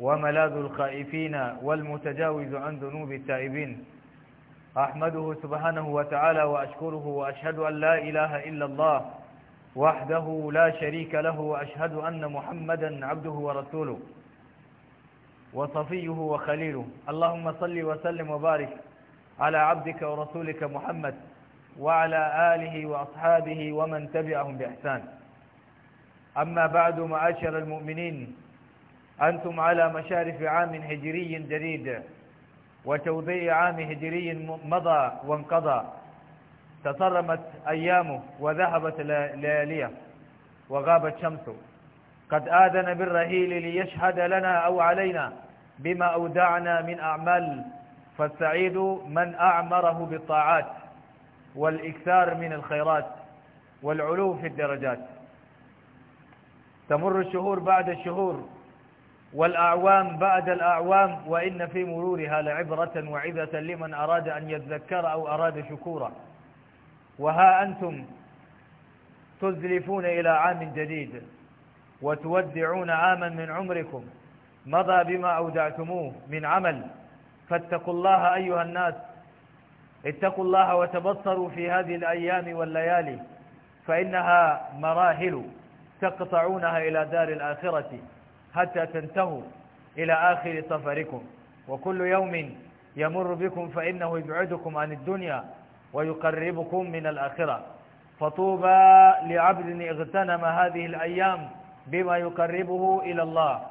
وملاذ الخائفين والمتجاوز عن ذنوب التائبين أحمده سبحانه وتعالى وأشكره وأشهد أن لا إله إلا الله وحده لا شريك له وأشهد أن محمدا عبده ورسوله وصفيه وخليله اللهم صل وسلم وبارك على عبدك ورسولك محمد وعلى آله وأصحابه ومن تبعهم بإحسان أما بعد معاشر المؤمنين أنتم على مشارف عام هجري جديد وتوضيع عام هجري مضى وانقضى تطرمت أيامه وذهبت لياليه وغابت شمسه قد آذن بالرهيل ليشهد لنا أو علينا بما أودعنا من أعمال فالسعيد من أعمره بالطاعات والإكثار من الخيرات والعلو في الدرجات تمر الشهور بعد الشهور والأعوام بعد الأعوام وإن في مرورها لعبرة وعبة لمن أراد أن يذكر أو أراد شكورا وها أنتم تزلفون إلى عام جديد وتودعون عاما من عمركم مضى بما أودعتموه من عمل فاتقوا الله أيها الناس اتقوا الله وتبصروا في هذه الأيام والليالي فإنها مراحل تقطعونها إلى دار الآخرة حتى تنتهوا إلى آخر سفركم وكل يوم يمر بكم فإنه يبعدكم عن الدنيا ويقربكم من الآخرة فطوبى لعبد اغتنم هذه الأيام بما يقربه إلى الله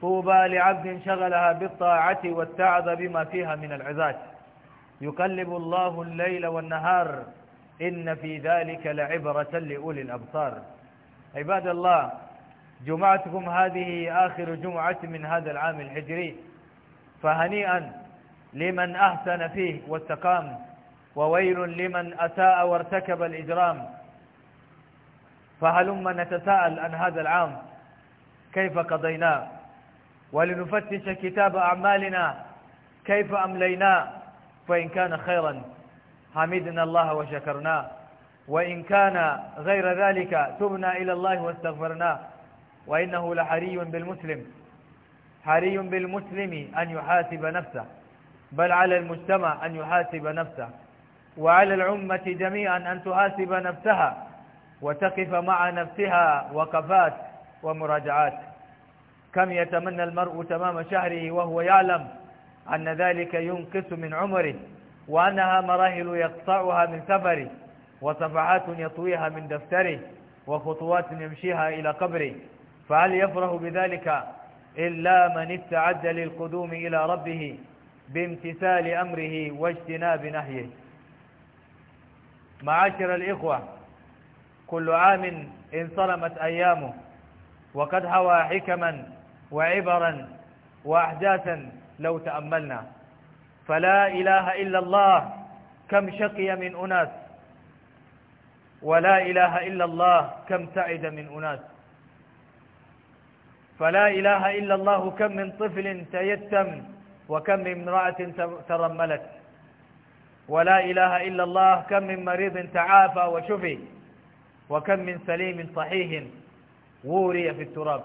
طوبى لعبد شغلها بالطاعة والتعظ بما فيها من العزات يقلب الله الليل والنهار إن في ذلك لعبرة لأولي الأبصار عباد الله جمعتكم هذه آخر جمعة من هذا العام الهجري فهنيئا لمن أحسن فيه واستقام وويل لمن أساء وارتكب الإجرام فهلما نتساءل عن هذا العام كيف قضيناه ولنفتش كتاب أعمالنا كيف أمليناه فإن كان خيرا حمدنا الله وشكرناه وإن كان غير ذلك تبنا إلى الله واستغفرناه وإنه لحري بالمسلم حري بالمسلم أن يحاسب نفسه بل على المجتمع أن يحاسب نفسه وعلى العمة جميعا أن تحاسب نفسها وتقف مع نفسها وقفات ومراجعات كم يتمنى المرء تمام شهره وهو يعلم أن ذلك ينقص من عمره وأنها مراهل يقطعها من سفره وصفحات يطويها من دفتره وخطوات يمشيها إلى قبره فهل يفرح بذلك إلا من استعد للقدوم إلى ربه بامتثال أمره واجتناب نهيه معاشر الإخوة كل عام انصرمت أيامه وقد حوى حكما وعبرا وأحداثا لو تأملنا فلا إله إلا الله كم شقي من أناس ولا إله إلا الله كم سعد من أناس فلا إله إلا الله كم من طفل تيتم وكم من امرأة ترملت ولا إله إلا الله كم من مريض تعافى وشفي وكم من سليم صحيح ووري في التراب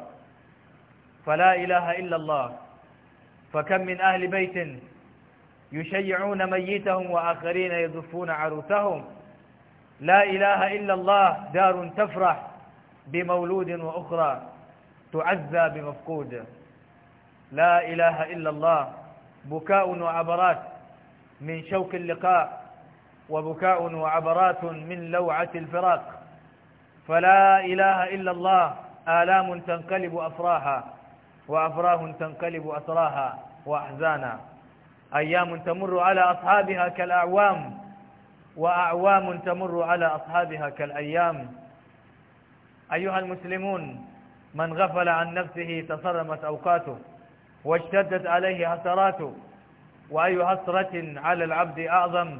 فلا إله إلا الله فكم من أهل بيت يشيعون ميتهم وآخرين يزفون عروسهم لا إله إلا الله دار تفرح بمولود وأخرى تعزى بمفقود لا إله إلا الله بكاء وعبرات من شوك اللقاء وبكاء وعبرات من لوعة الفراق فلا إله إلا الله آلام تنقلب أفراها وأفراه تنقلب أسراها وأحزانا أيام تمر على أصحابها كالأعوام وأعوام تمر على أصحابها كالأيام أيها المسلمون من غفل عن نفسه تصرمت أوقاته واشتدت عليه حسراته وأي حسرة على العبد أعظم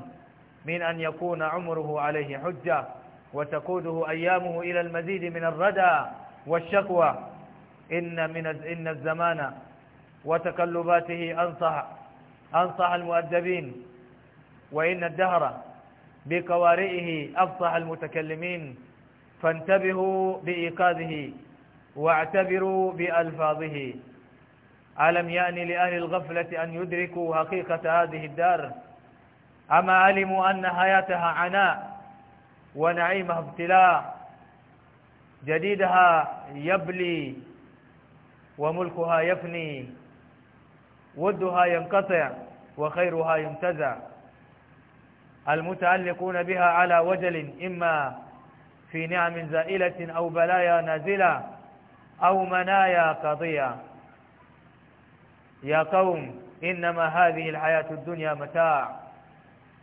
من أن يكون عمره عليه حجة وتقوده أيامه إلى المزيد من الردى والشقوى إن, من إن الزمان وتقلباته أنصح أنصح المؤدبين وإن الدهر بقوارئه أفصح المتكلمين فانتبهوا بإيقاظه واعتبروا بألفاظه ألم يأن يعني لأهل الغفلة أن يدركوا حقيقة هذه الدار أما علموا أن حياتها عناء ونعيمها ابتلاء جديدها يبلي وملكها يفني ودها ينقطع وخيرها ينتزع المتعلقون بها على وجل إما في نعم زائلة أو بلايا نازلة أو منايا قضية يا قوم إنما هذه الحياة الدنيا متاع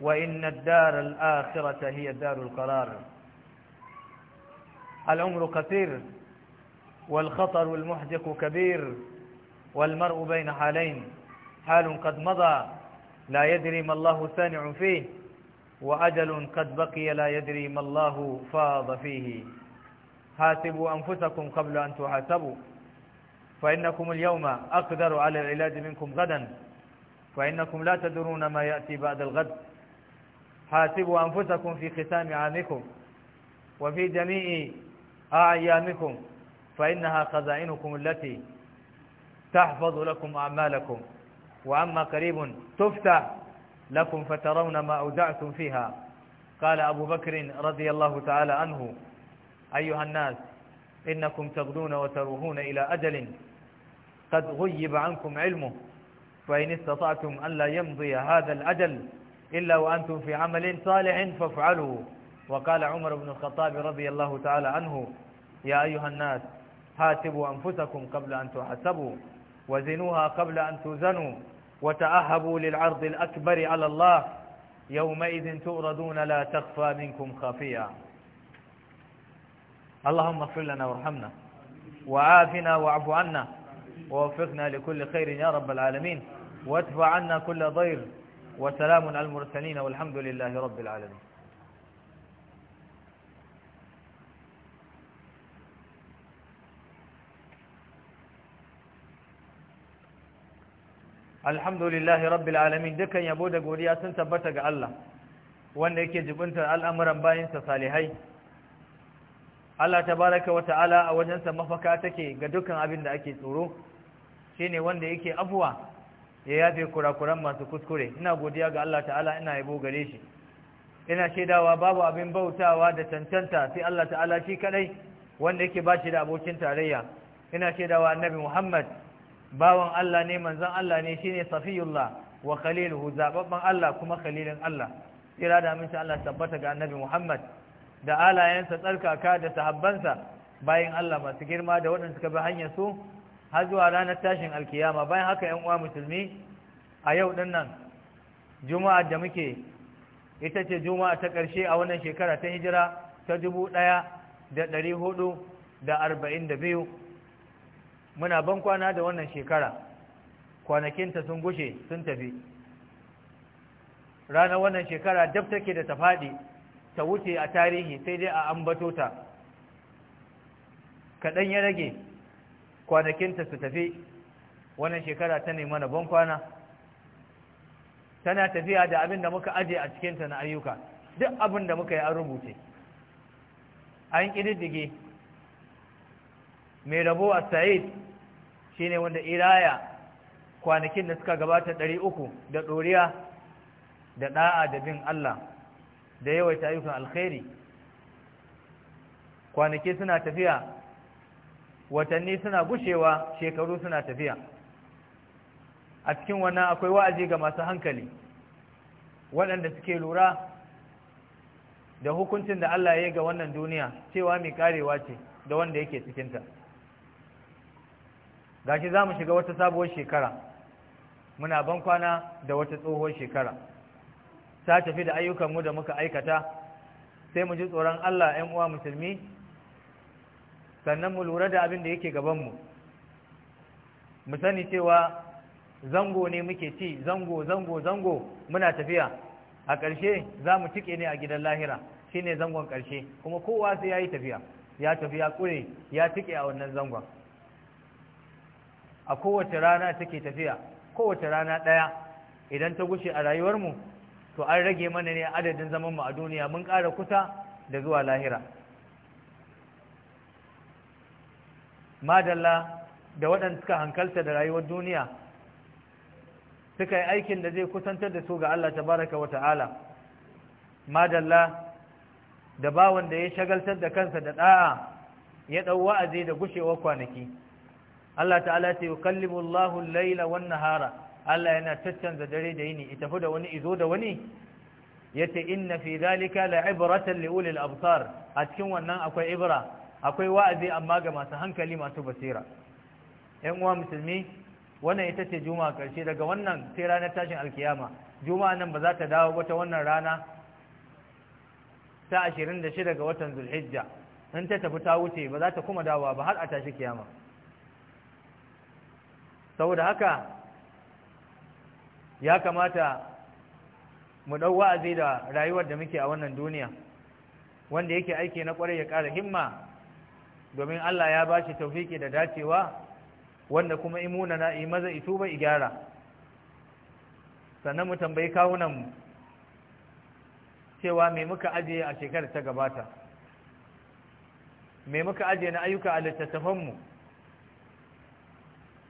وإن الدار الآخرة هي دار القرار العمر كثير والخطر المحدق كبير والمرء بين حالين حال قد مضى لا يدري ما الله سانع فيه وأجل قد بقي لا يدري ما الله فاض فيه حاسبوا أنفسكم قبل أن تحاسبوا فإنكم اليوم أقدر على العلاج منكم غدا فإنكم لا تدرون ما يأتي بعد الغد حاسبوا أنفسكم في ختام عامكم وفي جميع أعيامكم فإنها خزائنكم التي تحفظ لكم أعمالكم وأما قريب تفتح لكم فترون ما أودعتم فيها قال أبو بكر رضي الله تعالى عنه أيها الناس إنكم تغدون وتروحون إلى أجل قد غيب عنكم علمه فإن استطعتم أن لا يمضي هذا الأجل إلا وأنتم في عمل صالح فافعلوا وقال عمر بن الخطاب رضي الله تعالى عنه يا أيها الناس حاسبوا أنفسكم قبل أن تحسبوا وزنوها قبل أن توزنوا وتأهبوا للعرض الأكبر على الله يومئذ تؤردون لا تخفى منكم خافية اللهم اغفر لنا وارحمنا وعافنا واعف عنا ووفقنا لكل خير يا رب العالمين وادفع عنا كل ضير وسلام على المرسلين والحمد لله رب العالمين الحمد لله رب العالمين دكا da godiya sun الله ga يكي جبنت الأمر jibuntar al'amuran bayinsa Allah ta baraka wa ta'ala a wajensa mafaka take ga dukkan abin da ake tsoro shine wanda yake afuwa ya yafe kurakuran masu kuskure ina godiya ga Allah ta'ala ina yabo gare shi ina shaidawa babu abin bautawa da tantanta sai Allah ta'ala shi kadai wanda yake bashi da abokin tarayya ina shaidawa annabi Muhammad bawan Allah ne manzon Allah ne shine safiyullah wa khaliluhu zababban Allah kuma khalilin Allah ira da aminci Allah tabbata ga annabi Muhammad da alayensa tsarkaka da sahabbansa bayan Allah masu girma da waɗanda suka bi hanyar su har zuwa ranar tashin alkiyama bayan haka yan uwa musulmi a yau din nan juma'a da muke ita ce juma'a ta ƙarshe a wannan shekara ta hijira ta dubu ɗaya da ɗari hudu da arba'in da biyu muna ban kwana da wannan shekara kwanakinta sun gushe sun tafi ranar wannan shekara dab take da ta faɗi ta wuce a tarihi sai dai a ambato ta kaɗan ya rage kwanakinta su tafi wannan shekara ta nema na ban kwana tana tafiya da abin da muka aje a cikinta na ayyuka duk abin da muka yi an rubuce an ƙididdige mai rabo a sa'id shi ne wanda iraya kwanakin da suka gabata ɗari uku da ɗoriya da ɗa'a da bin Allah da yawaita ayyukan alkhairi kwanaki suna tafiya watanni suna gushewa shekaru suna tafiya a cikin wannan akwai wa'azi ga masu hankali waɗanda suke lura da hukuncin da Allah ya yi ga wannan duniya cewa mai karewa ce da wanda yake cikinta gashi za mu shiga wata sabuwar shekara muna ban kwana da wata tsohuwar shekara ta tafi da ayyukanmu da muka aikata sai mu ji tsoron Allah ‘yan uwa musulmi sannan mu lura da abin da yake gabanmu mu sani cewa zango ne muke ci zango zango zango muna tafiya a ƙarshe za mu cike ne a gidan lahira shi ne zangon ƙarshe kuma kowa sai ya yi tafiya ya tafiya ƙure ya cike a wannan zangon a kowace rana take tafiya kowace rana ɗaya idan ta gushe a rayuwarmu to an rage mana ne adadin zaman mu a duniya mun ƙara kusa da zuwa lahira madalla da waɗanda suka hankalta da rayuwar duniya suka yi aikin da zai kusantar da su ga Allah Ta baraka wa ta'ala madalla da ba da ya shagaltar da kansa da ɗa'a ya ɗau wa'azi da gushewar kwanaki Allah ta'ala ta yi kallibu Allahun laila wannan hara Allah yana caccanza dare da yini itafi da wani izo da wani yace inna fi zalika la'ibratan li ulil absar a cikin wannan akwai ibra akwai wa'azi amma ga masu hankali masu basira ɗan uwa musulmi wannan ita ce juma'a karshe daga wannan sai ranar tashin alkiyama Juma nan ba za ta dawo wata wannan rana ta 26 ga watan zulhijja in ta tafi ta wuce ba za ta kuma dawo ba har a tashi kiyama saboda haka ya kamata mu ɗau wa'azi da rayuwar da muke a wannan duniya wanda yake aiki na ƙwarai ya ƙara himma domin Allah ya ba shi taufiki da dacewa wanda kuma imuna na yi maza ito ba gyara sannan mu tambayi kawunanmu cewa mai muka ajiye a shekarar ta gabata mai muka ajiye na ayyuka a littattafanmu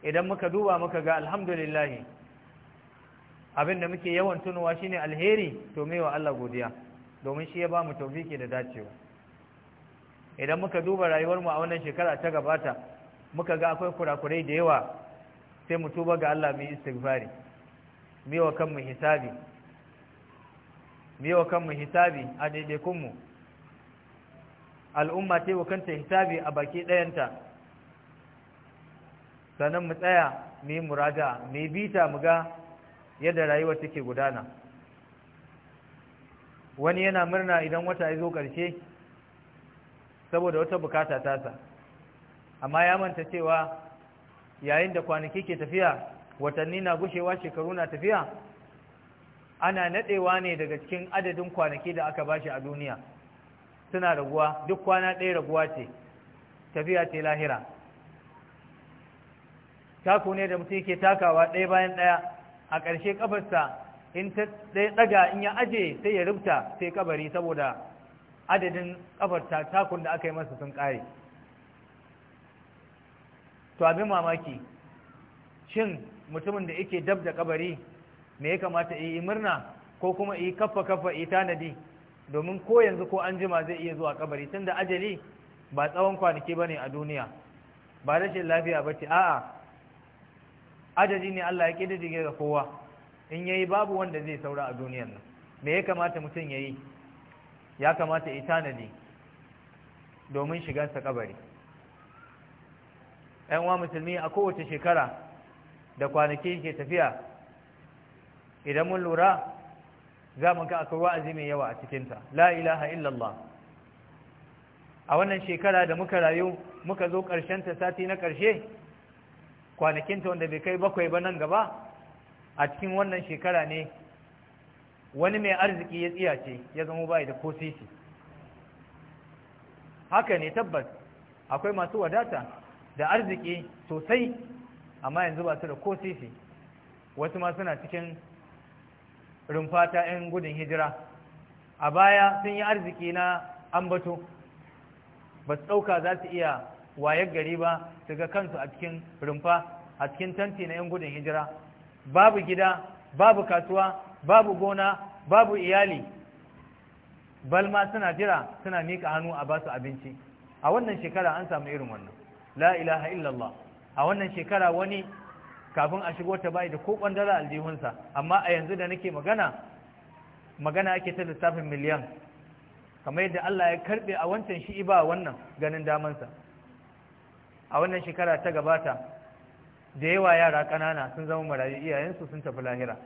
idan muka duba muka ga alhamdulillahi abin da muke yawan tunuwa shine alheri to mai wa Allah godiya domin shi ya ba mu taufiki da dacewa idan muka duba rayuwar mu a wannan shekara ta gabata muka ga akwai kurakurai da yawa sai mu tuba ga Allah mu istighfari mu wa kanmu hisabi wa kanmu hisabi a daidaikun mu al'umma ta wa kanta hisabi a baki ɗayanta sannan mu tsaya mu yi murada, mu bi bita mu ga yadda rayuwar take gudana wani yana murna idan wata ya zo ƙarshe saboda wata bukata tasa amma ya manta cewa yayin da kwanaki ke tafiya watanni na gushewa shekaru na tafiya ana nadewa ne daga cikin adadin kwanaki da aka bashi a duniya suna raguwa duk kwana ɗaya raguwa ce tafiya ce lahira taku ne da mutum yake takawa ɗaya bayan ɗaya a ƙarshe kafarsa in ta ɗaga in ya aje sai ya rubuta sai kabari saboda adadin ta takun da aka yi masa sun ƙare to abin mamaki shin mutumin da yake dab da kabari me ya kamata yi murna ko kuma yi kafa kaffa yi tanadi domin ko yanzu ko an jima zai iya zuwa kabari tunda ajali ba tsawon kwanaki ba ne a duniya ba rashin lafiya ba ce a'a adadi ne Allah ya kididdige ga kowa in yayi babu wanda zai saura a duniyar nan me ya kamata mutum yayi ya kamata ya tanadi domin shiga sa kabari ɗan uwa musulmi a kowace shekara da kwanaki ke tafiya idan mun lura za mu ga akwai wa'azi mai yawa a cikin ta la ilaha illallah a wannan shekara da muka rayu muka zo ƙarshen ta sati na ƙarshe kwanakinta wanda bai kai bakwai ba nan gaba a cikin wannan shekara ne wani mai arziki ya tsiyace ya zama bai da ko sisi haka ne tabbas akwai masu wadata da arziki sosai amma yanzu ba su da ko sisi wasu ma suna cikin rumfata 'yan gudun hijira a baya sun yi arziki na ambato ba su ɗauka za su iya wayar gari ba su ga kansu a cikin rumfa a cikin tanti na 'yan gudun hijira babu gida babu kasuwa babu gona babu iyali balma suna jira suna mika hannu a basu abinci a wannan shekara an samu irin wannan la ilaha illallah a wannan shekara wani kafin a shigo ta bai da ko kwandala aljihunsa amma a yanzu da nake magana magana ake ta lissafin miliyan kamar yadda Allah ya karbe a wancan shi iba wannan ganin damansa a wannan shekara ta gabata da yawa yara ƙanana sun zama marayu iyayensu sun tafi lahira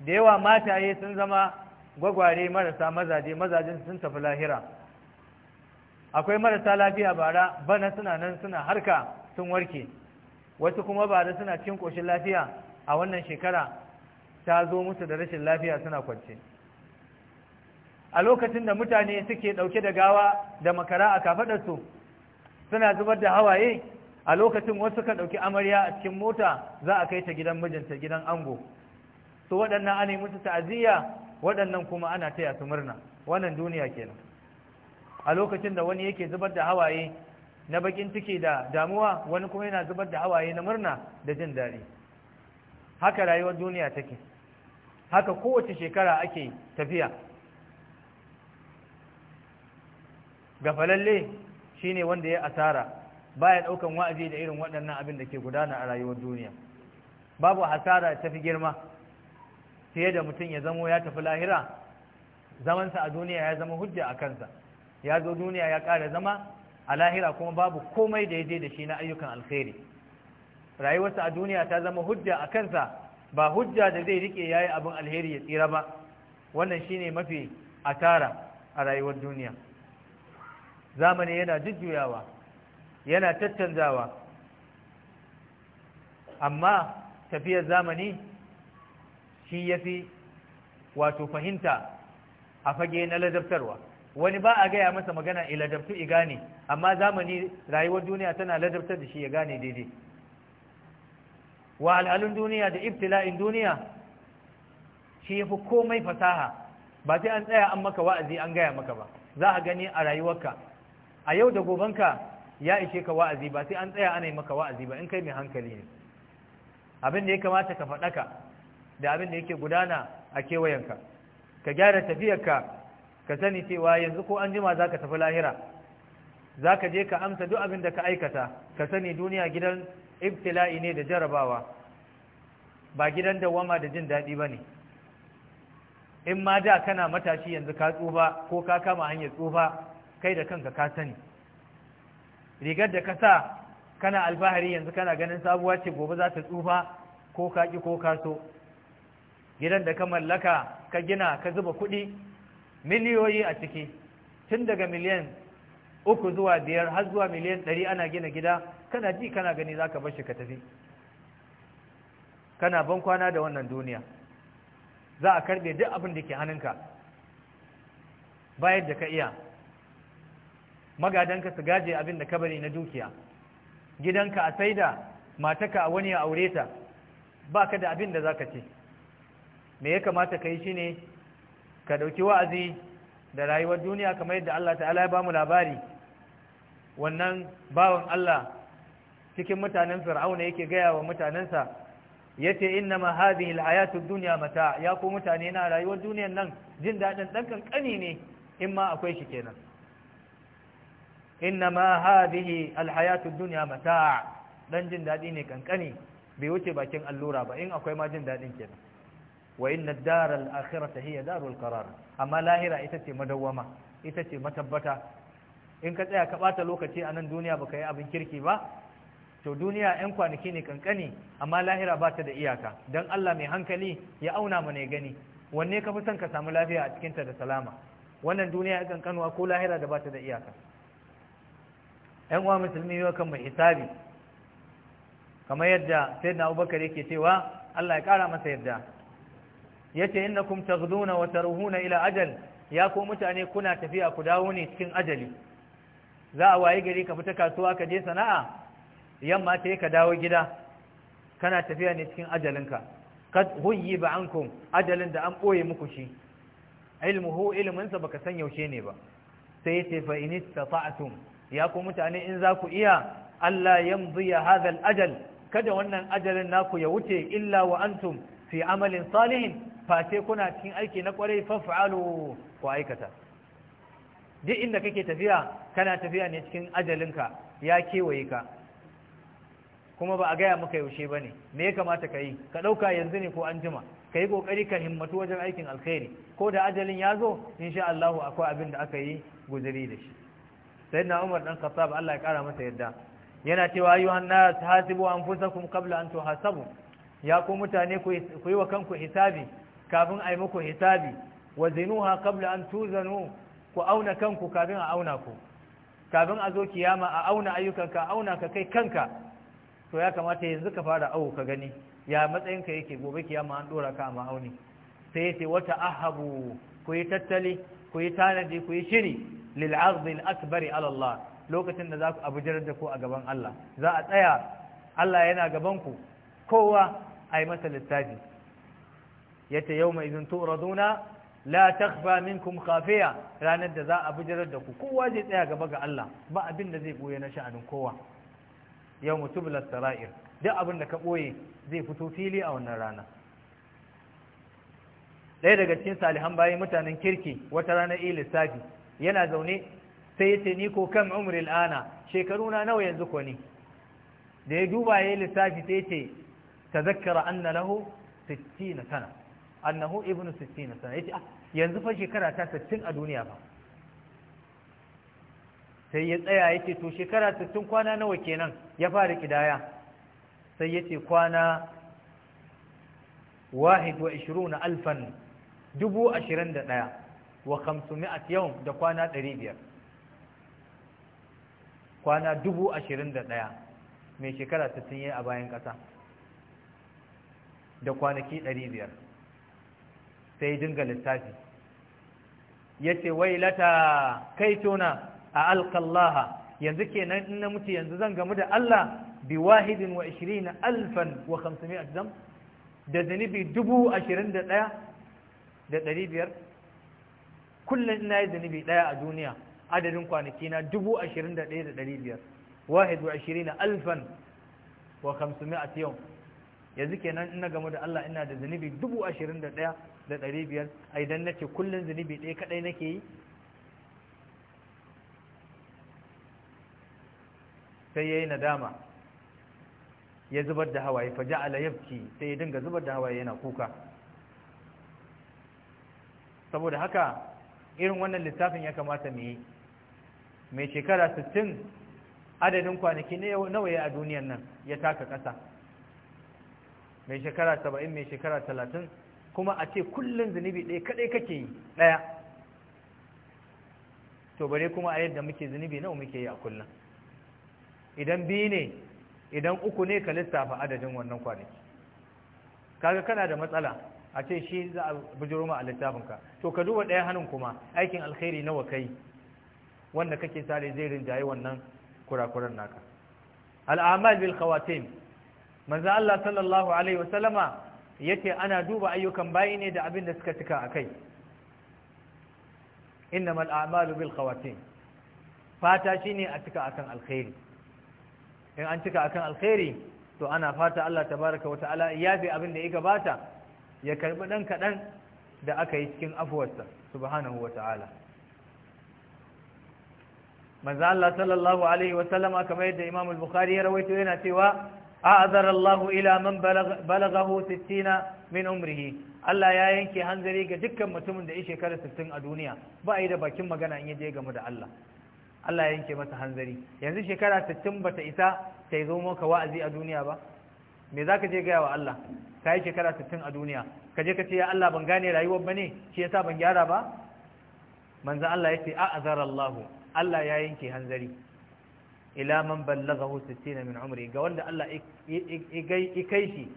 da yawa mataye sun zama gwagware marasa mazaje mazajen sun tafi lahira akwai marasa lafiya bara bana suna nan suna harka sun warke wasu kuma bara suna cin ƙoshin lafiya a wannan shekara ta zo musu da rashin lafiya suna kwance a lokacin da mutane suke ɗauke da gawa da makara a kafaɗarsu suna zubar da hawaye a lokacin wasu ka ɗauki amarya a cikin mota za a kai ta gidan mijinta gidan ango su waɗannan ana yi musu ta'aziyya waɗannan kuma ana taya su murna wannan duniya kenan a lokacin da wani yake zubar da hawaye na bakin ciki da damuwa wani kuma yana zubar da hawaye na murna da jin daɗi haka rayuwar duniya take haka kowace shekara ake tafiya ga falalle Shi ne wanda ya asara ba ya ɗaukan wa'azi da irin waɗannan abin da ke gudana a rayuwar duniya babu asara ta fi girma fiye da mutum ya zamo ya tafi lahira zamansa a duniya ya zama hujja a kansa ya zo duniya ya ƙara zama a lahira kuma babu komai da ya je da shi na ayyukan alkhairi rayuwarsa a duniya ta zama hujja a kansa ba hujja da zai riƙe ya yi abin alheri ya tsira ba wannan shi ne mafi asara a rayuwar duniya zamani yana jujjuyawa yana tattanzawa amma tafiyar zamani shi ya fi wato fahimta a fage na ladabtarwa wani ba a gaya masa magana iladabtu i gane amma zamani rayuwar duniya tana ladabtar da shi ya gane daidai wa al'alun duniya da ibtila'in duniya shi ya fi komai fasaha ba sai an tsaya an maka wa'azi an gaya maka ba za a gani a rayuwarka a yau da gobanka ya ishe ka wa'azi ba sai an tsaya ana yi maka wa'azi ba in kai mai hankali ne abin da ya kamata ka faɗaka da abin da yake gudana a kewayenka ka gyara tafiyarka ka sani cewa yanzu ko an jima za ka tafi lahira za ka je ka amsa duk abin da ka aikata ka sani duniya gidan ibtila'i ne da jarabawa ba gidan dawama da jin daɗi ba ne in ma da kana matashi yanzu ka tsufa ko ka kama hanyar tsufa kai da kanka ka sani rigar da ka sa kana alfahari yanzu kana ganin sabuwa ce gobe za ta tsufa ko ka ki ko ka so gidan da ka mallaka ka gina ka zuba kuɗi miliyoyi a ciki tun daga miliyan uku zuwa biyar har zuwa miliyan ɗari ana gina gida kana ji kana gani za ka bar shi ka tafi kana ban kwana da wannan duniya za a karɓe duk abin da ke hannunka bayan da ka iya magadanka su gaje abin da kabari na dukiya gidanka a saida mataka a wani ya aure ta baka da abin da za ka ce me ya kamata ka yi shi ne ka ɗauki wa'azi da rayuwar duniya kamar yadda Allah ta'ala ya bamu labari wannan bawan Allah cikin mutanen fir'auna yake gaya wa mutanensa ya yace inna ma alhayatu ya duniya mata ya ku mutane na rayuwar duniyan nan jin daɗin ɗan ƙanƙani ne in ma akwai shi kenan innama hadhihi alhayatud dunya mata' dan jin dadi ne kankani bai wuce bakin allura ba in akwai ma jin dadin kenan wa inna dar al hiya darul qarar amma lahira ita ce madawwama ita ce matabbata in ka tsaya ka bata lokaci a nan duniya baka yi abin kirki ba to duniya yan kwanaki ne kankani amma lahira ba ta da iyaka dan Allah mai hankali ya auna mu ne gani wanne ka fi son ka samu lafiya a cikin ta da salama wannan duniya ya kankanuwa ko lahira da ba ta da iyaka yan uwa musulmi yau kan mai hisabi kamar yadda na Abubakar yake cewa Allah ya kara masa yadda Ya ce yace na taghduna wata ruhuna ila ajal ya ko mutane kuna tafiya ku dawo ne cikin ajali za a wayi gari ka fita kasuwa ka je sana'a yamma sai ka dawo gida kana tafiya ne cikin ajalinka kad an kun ajalin da an ɓoye muku shi ilmuhu iliminsa baka san yaushe ne ba sai ce fa in istata'tum ya ku mutane in za ku iya Allah yanzu ya hazal ajal kada wannan ajalin naku ya wuce illa wa antum fi amalin salihin face kuna cikin aiki na kwarai faf'alu ku aikata duk inda kake tafiya kana tafiya ne cikin ajalinka ya kewaye ka kuma ba a gaya maka yaushe ba ne me ya kamata ka yi ka ɗauka yanzu ne ko an jima ka yi ƙoƙari ka himmatu wajen aikin alkhairi ko da ajalin ya zo insha Allahu akwai abin da aka yi guzuri da shi na Umar dan Khattab Allah ya kara masa yadda yana cewa ayyuhan nas hasibu kuma kabla an hasabu ya ku mutane ku yi wa kanku hisabi kafin yi muku hisabi wa zinuha kabla an tuzanu ku auna kanku kafin a auna ku kafin a zo kiyama a auna ayyukan ka auna ka kai kanka to ya kamata yanzu ka fara awo ka gani ya matsayinka yake gobe kiyama an dora ka a ma'auni sai ce wata ahabu ku yi tattali ku yi tanadi ku yi shiri lil akbari ala Allah lokacin da za ku abujar da ku a gaban Allah za a tsaya Allah yana gaban ku kowa a yi masa littafi yace mai idin raduna, la takhfa minkum khafiya ranar da za a bujirar da ku kowa zai tsaya gaba ga Allah ba abin da zai boye na sha'anin kowa yawma tubla sarair duk abin da ka boye zai fito fili a wannan rana ɗaya daga cikin salihan bayan mutanen kirki wata rana iya lissafi yana zaune sai yace ni ko kan umri al'ana shekaru na nawa yanzu ko ni da ya duba yi lissafi sai yace tazakkara anna lahu 60 sana annahu sitti 60 sana ya ce ah, yanzu fa shekara ta 60 a duniya fa sai ya tsaya ya ce to shekara 60 kwana nawa kenan ya fara kidaya sai yace kwana wahid wa 20 alfan dubu ashirin da ɗaya wa a yau da kwana 500 kwana 21 mai shekara 60 yayi a bayan ƙasa da kwanaki 500 sai dinga littafi ya ce wai lata kai tona a alƙallaha yanzu kenan in na mutu yanzu zan gamu da Allah bi wahidin wa ishirina alfan wa a da zanibi dubu ashirin da ɗaya da ɗari biyar kullum ina yi zunubi ɗaya a duniya adadin kwanaki na dubu ashirin da ɗaya da ɗari biyar wahid wa ashirin na alfan wa kamsumi a tiyon yanzu kenan ina game da Allah ina da zunubi dubu ashirin da ɗaya da ɗari biyar a idan na ce kullum zunubi ɗaya kaɗai nake yi sai ya yi nadama ya zubar da hawaye faja ala yabki sai ya dinga zubar da hawaye yana kuka saboda haka irin wannan lissafin ya kamata mu yi mai shekara 60 adadin kwanaki nawa ya a duniyar nan ya taka ƙasa mai shekara 70 mai shekara 30 kuma a ce kullum zunubi ɗaya kaɗai kake yi ɗaya to bare kuma a yadda muke zunubi nawa muke yi a kullum idan biyu ne idan uku ne ka lissafa adadin wannan kwanaki kaga kana da matsala a ce shi za a bujiro ma a littafinka to ka duba ɗaya hannun kuma aikin alkhairi nawa kai wanda kake sare zai rinjaye wannan kurakuran naka al'amal bil khawatim manzo Allah sallallahu alaihi wa ya yace ana duba ayyukan bayi ne da abin da suka tuka akai innamal a'malu bil khawatim fata shine a tuka akan alkhairi in an cika akan alkhairi to ana fata Allah tabaaraka wa ta'ala ya bi abin da ya gabata ya karbi dan kadan da aka yi cikin afuwarsa subhanahu ta'ala. manzo Allah sallallahu alaihi wa sallama kamar yadda Imam al-Bukhari ya rawaito yana cewa a'azar Allah ila man balagahu 60 min umrihi Allah ya yanke hanzari ga dukkan mutumin da ya shekara 60 a duniya ba a yi da bakin magana in yaje game da Allah Allah ya yanke masa hanzari yanzu shekara 60 bata isa ta yi zo maka wa'azi a duniya ba me zaka je gaya wa Allah ka yi shekara sittin a duniya ka je ka ce ya Allah ban gane rayuwar ba ne. shi yasa ban gyara ba manzo Allah yace a azara Allah Allah ya yanke hanzari ila man ballaghahu 60 min umri ga wanda Allah ya kai shi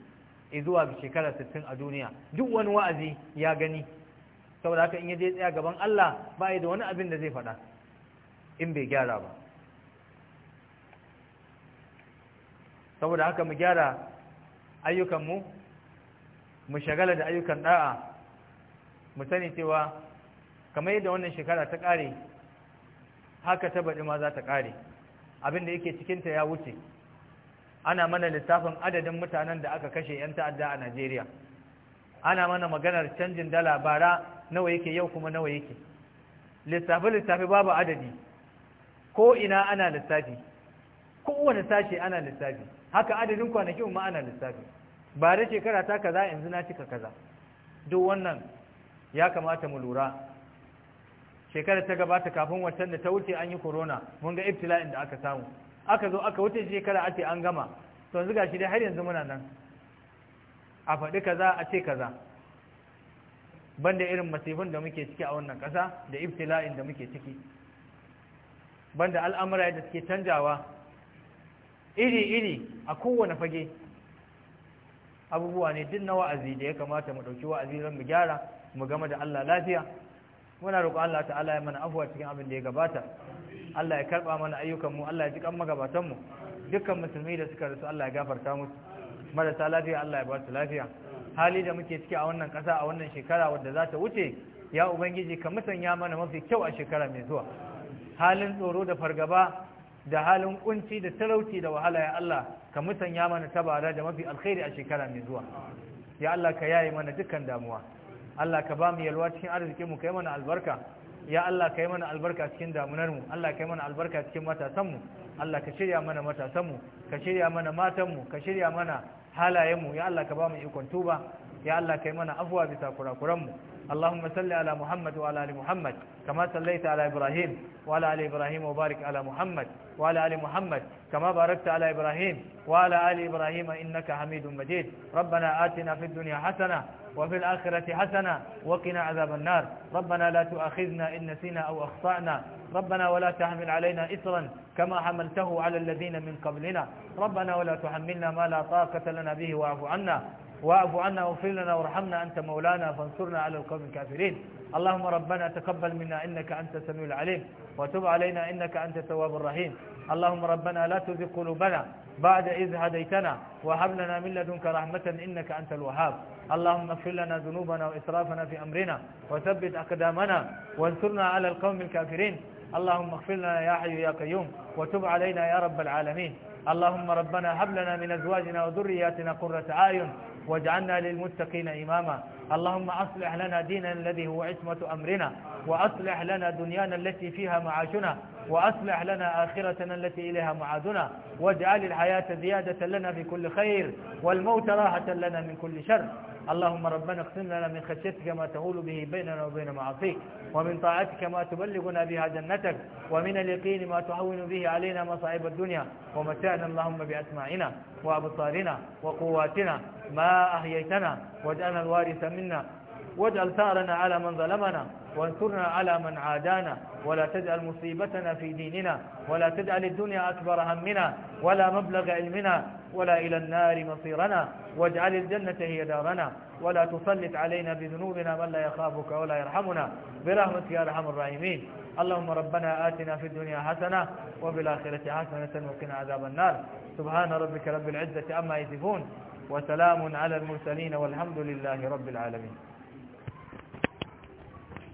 zuwa shekara 60 a duniya duk wani wa'azi ya gani saboda haka in yaje tsaya gaban Allah ba da wani abin da zai faɗa in bai gyara ba saboda haka mu gyara ayyukan mu. mu shagala da ayyukan da'a mu sani cewa kamar yadda wannan shekara ta ƙare haka ta baɗi ma za ta kare Abinda yake cikinta ya wuce ana mana littafin adadin mutanen da aka kashe 'yan ta'adda a najeriya ana mana maganar canjin dala bara nawa yake yau kuma nawa yake lissafi littafi babu adadi ko ina ana lissafi kowane sashe ana lissafi, haka adadin kwanaki, ma ana lissafi. ba da shekara ta kaza yanzu na cika kaza duk wannan ya kamata mu lura shekarar ta gabata kafin watan da ta wuce an yi corona mun ga iftila'in da aka samu aka zo aka wuce shekara a ce an gama to yanzu gashi dai har yanzu muna nan a faɗi kaza a ce kaza banda irin masifin da muke ciki a wannan ƙasa da iftila'in da muke ciki banda al'amura da suke canjawa iri-iri a kowane fage abubuwa ne duk na wa'azi da ya kamata mu ɗauki wa'azi don mu gyara mu game da Allah lafiya muna roƙo Allah ta'ala ya mana afuwa cikin abin da ya gabata Allah ya karɓa mana ayyukanmu Allah ya ji kan magabatanmu dukkan musulmi da suka rasu Allah ya gafarta musu marasa lafiya Allah ya ba lafiya hali da muke ciki a wannan ƙasa a wannan shekara wadda za ta wuce ya ubangiji ka musanya mana mafi kyau a shekara mai zuwa halin tsoro da fargaba da halin kunci da talauci da wahala ya Allah ka mutanya mana tabara da mafi alkhairi a shekara mai zuwa ya Allah ka yaye mana dukkan damuwa Allah ka ba mu yalwa cikin arzikin mu kai mana albarka ya Allah ka yi mana albarka cikin damunar mu Allah ka yi mana albarka cikin matasan mu Allah ka shirya mana matasan mu ka shirya mana matanmu. ka shirya mana halayenmu. ya Allah ka ba mu ikon tuba ya Allah ka yi mana afuwa bisa kurakuran mu اللهم صل على محمد وعلى ال محمد كما صليت على ابراهيم وعلى ال ابراهيم وبارك على محمد وعلى ال محمد كما باركت على ابراهيم وعلى ال ابراهيم انك حميد مجيد ربنا آتنا في الدنيا حسنه وفي الآخرة حسنة وقنا عذاب النار ربنا لا تؤاخذنا إن نسينا أو أخطأنا ربنا ولا تحمل علينا إصرا كما حملته على الذين من قبلنا ربنا ولا تحملنا ما لا طاقة لنا به واعف عنا واعف عنا واغفر لنا وارحمنا أنت مولانا فانصرنا على القوم الكافرين اللهم ربنا تقبل منا إنك أنت السميع العليم وتب علينا إنك أنت التواب الرحيم اللهم ربنا لا تزغ قلوبنا بعد إذ هديتنا وهب لنا من لدنك رحمة إنك أنت الوهاب اللهم اغفر لنا ذنوبنا وإسرافنا في أمرنا وثبت أقدامنا وانصرنا على القوم الكافرين اللهم اغفر لنا يا حي يا قيوم وتب علينا يا رب العالمين اللهم ربنا هب لنا من أزواجنا وذرياتنا قرة أعين واجعلنا للمتقين إماما اللهم أصلح لنا ديننا الذي هو عصمة أمرنا وأصلح لنا دنيانا التي فيها معاشنا وأصلح لنا آخرتنا التي إليها معادنا واجعل الحياة زيادة لنا في كل خير والموت راحة لنا من كل شر اللهم ربنا اقسم لنا من خشيتك ما تهول به بيننا وبين معصيك ومن طاعتك ما تبلغنا بها جنتك ومن اليقين ما تهون به علينا مصائب الدنيا ومتعنا اللهم بأسماعنا وأبصارنا وقواتنا ما أحييتنا واجعلنا الوارث منا واجعل ثارنا على من ظلمنا وانصرنا على من عادانا ولا تجعل مصيبتنا في ديننا ولا تجعل الدنيا أكبر همنا ولا مبلغ علمنا ولا إلى النار مصيرنا واجعل الجنة هي دارنا ولا تسلط علينا بذنوبنا من لا يخافك ولا يرحمنا برحمتك يا أرحم الراحمين اللهم ربنا آتنا في الدنيا حسنة وفي الآخرة حسنة وقنا عذاب النار سبحان ربك رب العزة أما يصفون وسلام على المرسلين والحمد لله رب العالمين